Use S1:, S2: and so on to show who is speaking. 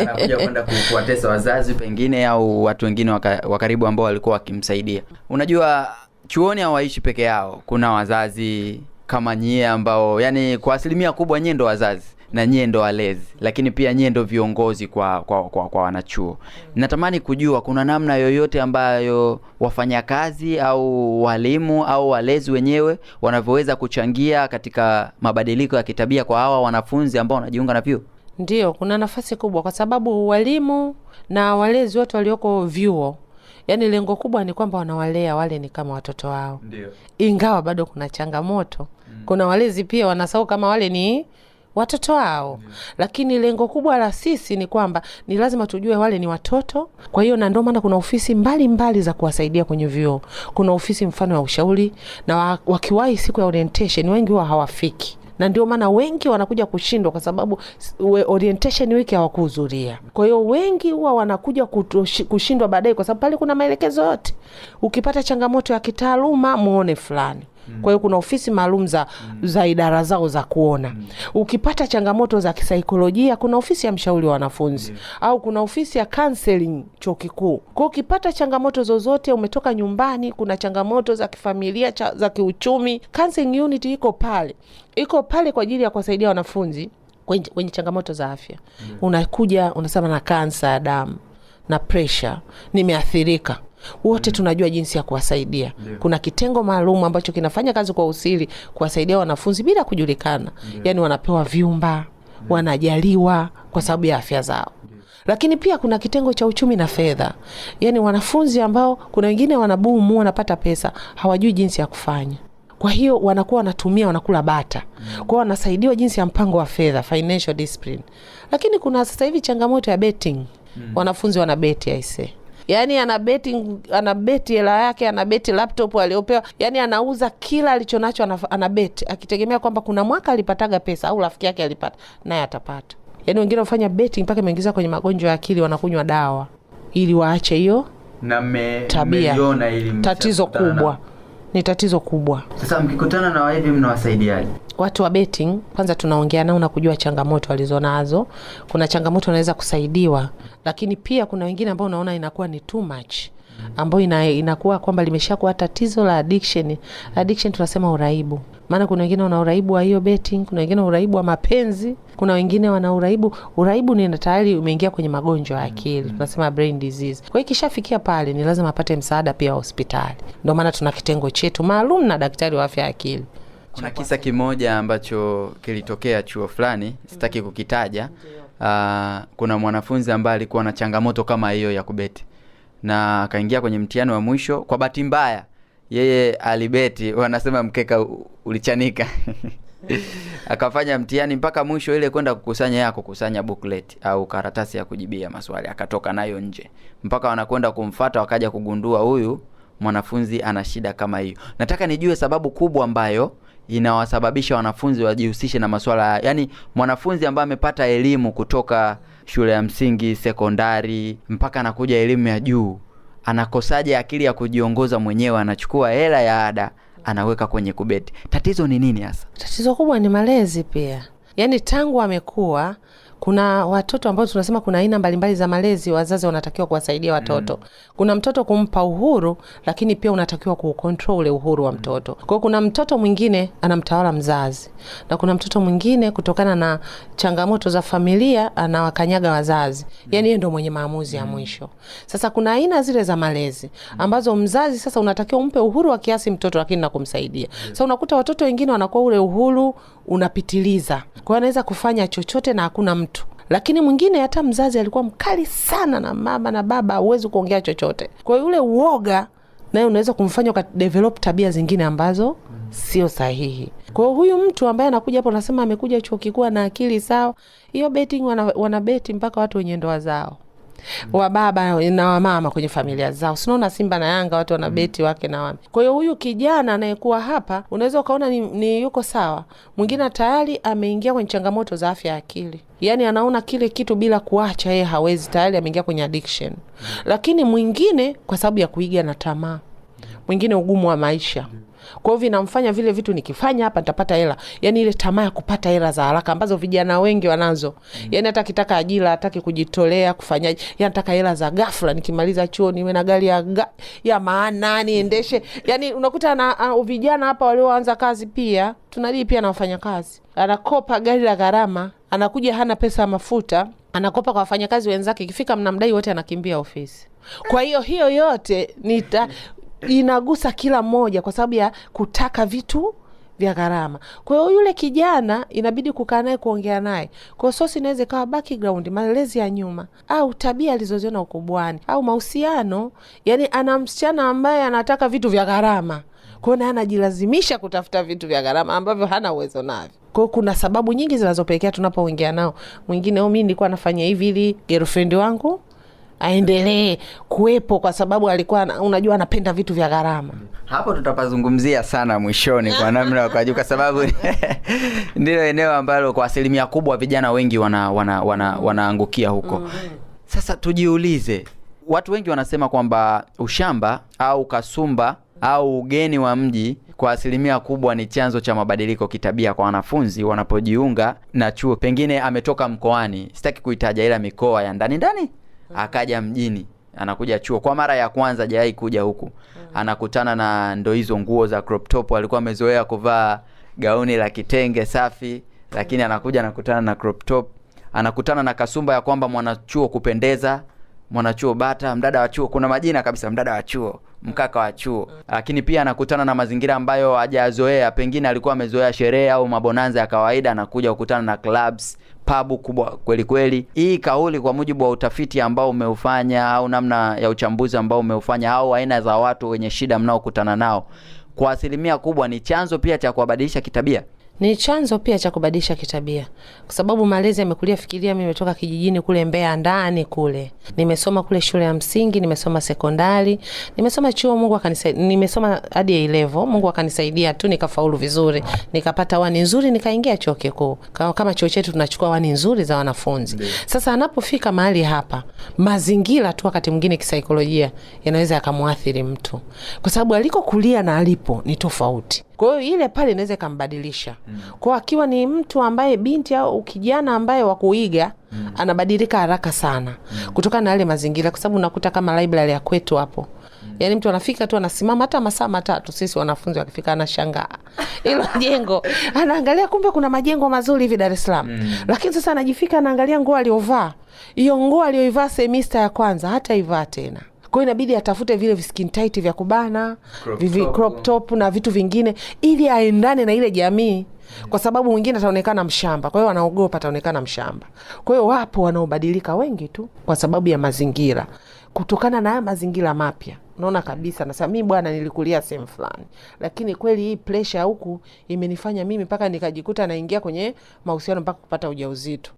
S1: anakuja kwenda kuwatesa wazazi pengine au watu wengine wa karibu ambao walikuwa wakimsaidia. Unajua chuoni hawaishi peke yao, kuna wazazi kama nyie ambao yani kwa asilimia kubwa nyie ndo wazazi na nyie ndo walezi, lakini pia nyie ndo viongozi kwa kwa, kwa, kwa wanachuo. Natamani kujua kuna namna yoyote ambayo wafanyakazi au walimu au walezi wenyewe wanavyoweza kuchangia katika mabadiliko ya kitabia kwa hawa wanafunzi ambao wanajiunga na vyuo.
S2: Ndiyo, kuna nafasi kubwa kwa sababu walimu na walezi wote walioko vyuo, yaani lengo kubwa ni kwamba wanawalea wale ni kama watoto wao. Ndiyo. Ingawa bado kuna changamoto mm. Kuna walezi pia wanasahau kama wale ni watoto wao Lakini lengo kubwa la sisi ni kwamba ni lazima tujue wale ni watoto. Kwa hiyo na ndio maana kuna ofisi mbalimbali mbali za kuwasaidia kwenye vyuo. Kuna ofisi mfano ya ushauri, na wakiwahi siku ya orientation wengi huwa hawafiki na ndio maana wengi wanakuja kushindwa kwa sababu orientation week hawakuhudhuria. Kwa hiyo wengi huwa wanakuja kushindwa baadaye, kwa sababu pale kuna maelekezo yote. Ukipata changamoto ya kitaaluma muone fulani Mm. Kwa hiyo kuna ofisi maalum za, mm. za idara zao za kuona mm. Ukipata changamoto za kisaikolojia kuna ofisi ya mshauri wa wanafunzi yeah. Au kuna ofisi ya counseling chuo kikuu. Kwa ukipata changamoto zozote, umetoka nyumbani, kuna changamoto za kifamilia cha, za kiuchumi, counseling unit iko pale, iko pale kwa ajili ya kuwasaidia wanafunzi kwenye changamoto za afya yeah. Mm. Unakuja unasema na kansa ya damu na presha, nimeathirika wote mm. tunajua jinsi ya kuwasaidia. yeah. Kuna kitengo maalum ambacho kinafanya kazi kwa usiri kuwasaidia wanafunzi bila kujulikana, yeah. yani wanapewa vyumba, yeah. wanajaliwa kwa sababu ya afya zao lakini pia kuna kitengo cha uchumi na fedha, yaani wanafunzi ambao kuna wengine wanabumu, wanapata pesa, hawajui jinsi ya kufanya. Kwa hiyo wanakuwa wanatumia, wanakula bata. Kwa wanasaidiwa jinsi ya mpango wa fedha, financial discipline. Lakini kuna sasa hivi changamoto ya betting, hmm. wanafunzi wana beti aise yani anabeti anabeti hela yake, anabeti laptop aliyopewa, yani anauza kila alichonacho, anabeti akitegemea kwamba kuna mwaka alipataga pesa au rafiki yake alipata, naye atapata. Yani wengine wafanya beti mpaka imeingiza kwenye magonjwa ya akili, wanakunywa dawa ili waache hiyo na me, tabia. Tatizo kubwa ni tatizo kubwa.
S1: Sasa mkikutana na wahivi mnawasaidiaje?
S2: watu wa betting kwanza tunaongea nao na kujua changamoto walizonazo. Kuna changamoto wanaweza kusaidiwa, lakini pia kuna wengine ambao unaona inakuwa ni too much ambayo ina, inakuwa kwamba limeshakuwa tatizo la addiction. Addiction tunasema uraibu, maana kuna wengine wana uraibu wa hiyo betting, kuna wengine uraibu wa mapenzi, kuna wengine wana uraibu. Uraibu ni tayari umeingia kwenye magonjwa ya akili, tunasema brain disease. Kwa hiyo ikishafikia pale, ni lazima apate msaada pia wa hospitali. Ndio maana tuna kitengo chetu maalum na daktari wa afya ya akili.
S1: Kuna kisa kimoja ambacho kilitokea chuo fulani, sitaki mm. kukitaja. uh, kuna mwanafunzi ambaye alikuwa na changamoto kama hiyo ya kubeti na akaingia kwenye mtihani wa mwisho. Kwa bahati mbaya, yeye alibeti, wanasema mkeka ulichanika akafanya mtihani mpaka mwisho, ile kwenda kukusanya yako kukusanya booklet au karatasi ya kujibia maswali, akatoka nayo nje, mpaka wanakwenda kumfata, wakaja kugundua huyu mwanafunzi ana shida kama hiyo. Nataka nijue sababu kubwa ambayo inawasababisha wanafunzi wajihusishe na masuala yani, mwanafunzi ambaye amepata elimu kutoka shule ya msingi, sekondari, mpaka anakuja elimu ya juu, anakosaje akili ya kujiongoza mwenyewe? Anachukua hela ya ada anaweka kwenye kubeti. Tatizo ni nini hasa?
S2: Tatizo kubwa ni malezi pia, yani tangu amekuwa kuna watoto ambao tunasema kuna aina mbalimbali za malezi wazazi wanatakiwa kuwasaidia watoto mm. Kuna mtoto kumpa uhuru, lakini pia unatakiwa kuukontrol uhuru wa mm. mtoto. Kwa hiyo kuna mtoto mwingine anamtawala mzazi na kuna mtoto mwingine kutokana na changamoto za familia anawakanyaga wazazi, mm. yani yeye ndo mwenye maamuzi mm. ya mwisho. Sasa kuna aina zile za malezi mm. ambazo mzazi sasa unatakiwa umpe uhuru wa kiasi mtoto, lakini na kumsaidia. Sasa unakuta watoto wengine wanakuwa ule uhuru unapitiliza, kwao anaweza kufanya chochote na hakuna mtu lakini mwingine hata mzazi alikuwa mkali sana na mama na baba, huwezi kuongea chochote. Kwa hiyo ule uoga naye unaweza kumfanya ukadevelop tabia zingine ambazo sio sahihi. Kwa hiyo huyu mtu ambaye anakuja hapo, nasema amekuja chuo kikuu na akili sawa, hiyo betting wana, wanabeti mpaka watu wenye ndoa zao wa baba na wamama kwenye familia zao. Sinaona Simba na Yanga watu wanabeti mm. wake na wame. Kwa hiyo huyu kijana anayekuwa hapa unaweza ukaona ni, ni yuko sawa, mwingine tayari ameingia kwenye changamoto za afya ya akili, yaani anaona kile kitu bila kuacha, yeye hawezi, tayari ameingia kwenye addiction. Mm. Lakini mwingine kwa sababu ya kuiga na tamaa, mwingine ugumu wa maisha kwa hiyo vinamfanya vile vitu nikifanya hapa nitapata hela, yani ile tamaa ya kupata hela za haraka ambazo vijana wengi wanazo mm. Yani hata kitaka ajira hataki kujitolea kufanyaje, yani nataka hela za ghafla, nikimaliza chuo niwe na gari ya, ga, ya maana niendeshe. Yani unakuta na uh, vijana hapa walioanza kazi pia tunadii pia na wafanyakazi, anakopa gari la gharama, anakuja hana pesa ya mafuta, anakopa kwa wafanyakazi wenzake, ikifika mnamdai wote, anakimbia ofisi. Kwa hiyo hiyo yote nita inagusa kila mmoja kwa sababu ya kutaka vitu vya gharama. Kwa hiyo yule kijana inabidi kukaa naye kuongea naye. Kwa hiyo sosi inaweza ikawa background, malezi ya nyuma, au tabia alizoziona ukubwani, au mahusiano. Yani ana msichana ambaye anataka vitu vya gharama, kwa hiyo naye anajilazimisha kutafuta vitu vya gharama ambavyo hana uwezo navyo. Kwa hiyo kuna sababu nyingi zinazopelekea tunapoongea nao, mwingine oh, mi nilikuwa nafanya hivi ili girlfriend wangu aendelee kuwepo kwa sababu alikuwa unajua anapenda vitu vya gharama.
S1: Hapo tutapazungumzia sana mwishoni kwa namna kwajuu, kwa sababu ndilo eneo ambalo kwa asilimia kubwa vijana wengi wana, wana, wana, wanaangukia huko mm. Sasa tujiulize, watu wengi wanasema kwamba ushamba au kasumba au ugeni wa mji kwa asilimia kubwa ni chanzo cha mabadiliko kitabia kwa wanafunzi wanapojiunga na chuo. Pengine ametoka mkoani, sitaki kuitaja, ila mikoa ya ndani ndani akaja mjini anakuja chuo kwa mara ya kwanza, hajawahi kuja huku. Mm. Anakutana na ndo hizo nguo za crop top, alikuwa amezoea kuvaa gauni la kitenge safi, lakini mm. anakuja anakutana na crop top, anakutana na kasumba ya kwamba mwanachuo kupendeza mwanachuo bata, mdada wa chuo, kuna majina kabisa, mdada wa chuo, mkaka wa chuo. Lakini pia anakutana na mazingira ambayo hajazoea, pengine alikuwa amezoea sherehe au mabonanza ya kawaida, anakuja kukutana na clubs pabu kubwa kweli kweli. Hii kauli kwa mujibu wa utafiti ambao umeufanya au namna ya uchambuzi ambao umeufanya au aina za watu wenye shida mnaokutana nao, kwa asilimia kubwa ni chanzo pia cha kuwabadilisha kitabia
S2: ni chanzo pia cha kubadilisha kitabia, kwa sababu malezi yamekulia. Fikiria, mimi nimetoka kijijini kule Mbeya ndani kule, nimesoma kule shule ya msingi, nimesoma sekondari, nimesoma chuo, Mungu akanisaidia, nimesoma hadi A level, Mungu akanisaidia tu nikafaulu vizuri, nikapata wani nzuri, nikaingia chuo kikuu. Kama chuo chetu tunachukua wani nzuri za wanafunzi. Sasa anapofika mahali hapa, mazingira tu wakati mwingine kisaikolojia yanaweza yakamwathiri mtu, kwa sababu alikokulia na alipo ni tofauti. Kwa hiyo ile pale inaweza ikambadilisha. Mm. Kwa akiwa ni mtu ambaye binti au kijana ambaye wa kuiga mm. anabadilika haraka sana mm. kutokana na yale mazingira, kwa sababu unakuta kama library ya kwetu hapo mm. yaani mtu anafika tu anasimama hata masaa matatu, sisi wanafunzi wakifika anashangaa hilo jengo, anaangalia kumbe kuna majengo mazuri hivi Dar es Salaam mm. lakini sasa anajifika, anaangalia nguo aliyovaa, hiyo nguo aliyoivaa semista ya kwanza hata ivaa tena kwa hiyo inabidi atafute vile viskin tight vya kubana, crop crop mm. top na vitu vingine ili aendane na ile jamii kwa sababu mwingine ataonekana mshamba, kwa hiyo ataonekana mshamba. Kwa hiyo wapo wanaobadilika wengi tu kwa sababu ya mazingira, kutokana na haya mazingira mapya. Unaona kabisa, nasema mi bwana, nilikulia sehemu fulani, lakini kweli hii presha huku imenifanya mimi mpaka nikajikuta naingia kwenye mahusiano mpaka kupata ujauzito.